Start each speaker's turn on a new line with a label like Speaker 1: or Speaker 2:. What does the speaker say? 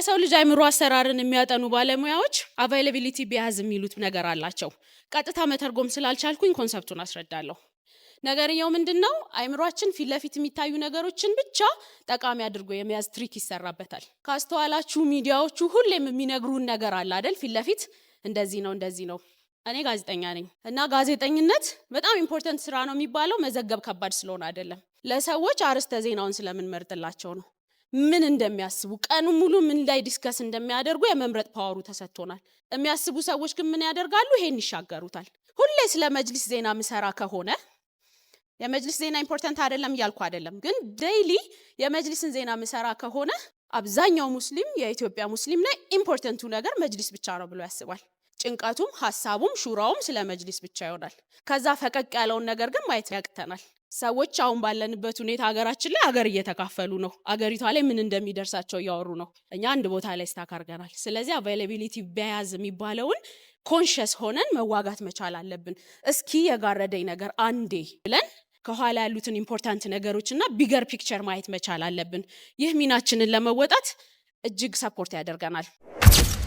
Speaker 1: የሰው ልጅ አይምሮ አሰራርን የሚያጠኑ ባለሙያዎች አቫይላቢሊቲ ቢያዝ የሚሉት ነገር አላቸው። ቀጥታ መተርጎም ስላልቻልኩኝ ኮንሰፕቱን አስረዳለሁ። ነገርየው ምንድን ነው? አይምሯችን ፊት ለፊት የሚታዩ ነገሮችን ብቻ ጠቃሚ አድርጎ የመያዝ ትሪክ ይሰራበታል። ካስተዋላችሁ ሚዲያዎቹ ሁሌም የሚነግሩን ነገር አለ አደል? ፊት ለፊት እንደዚህ ነው እንደዚህ ነው። እኔ ጋዜጠኛ ነኝ እና ጋዜጠኝነት በጣም ኢምፖርተንት ስራ ነው የሚባለው መዘገብ ከባድ ስለሆነ አይደለም፣ ለሰዎች አርዕስተ ዜናውን ስለምንመርጥላቸው ነው። ምን እንደሚያስቡ ቀኑ ሙሉ ምን ላይ ዲስከስ እንደሚያደርጉ የመምረጥ ፓወሩ ተሰጥቶናል። የሚያስቡ ሰዎች ግን ምን ያደርጋሉ? ይሄን ይሻገሩታል። ሁሌ ስለ መጅሊስ ዜና ምሰራ ከሆነ የመጅሊስ ዜና ኢምፖርታንት አይደለም እያልኩ አይደለም፣ ግን ዴይሊ የመጅሊስን ዜና ምሰራ ከሆነ አብዛኛው ሙስሊም የኢትዮጵያ ሙስሊም ላይ ኢምፖርተንቱ ነገር መጅሊስ ብቻ ነው ብሎ ያስባል። ጭንቀቱም ሀሳቡም ሹራውም ስለ መጅሊስ ብቻ ይሆናል። ከዛ ፈቀቅ ያለውን ነገር ግን ማየት ያቅተናል። ሰዎች አሁን ባለንበት ሁኔታ ሀገራችን ላይ አገር እየተካፈሉ ነው። አገሪቷ ላይ ምን እንደሚደርሳቸው እያወሩ ነው። እኛ አንድ ቦታ ላይ ስታክ አድርገናል። ስለዚህ አቫይላቢሊቲ በያዝ የሚባለውን ኮንሽስ ሆነን መዋጋት መቻል አለብን። እስኪ የጋረደኝ ነገር አንዴ ብለን ከኋላ ያሉትን ኢምፖርታንት ነገሮች እና ቢገር ፒክቸር ማየት መቻል አለብን። ይህ ሚናችንን ለመወጣት እጅግ ሰፖርት ያደርገናል።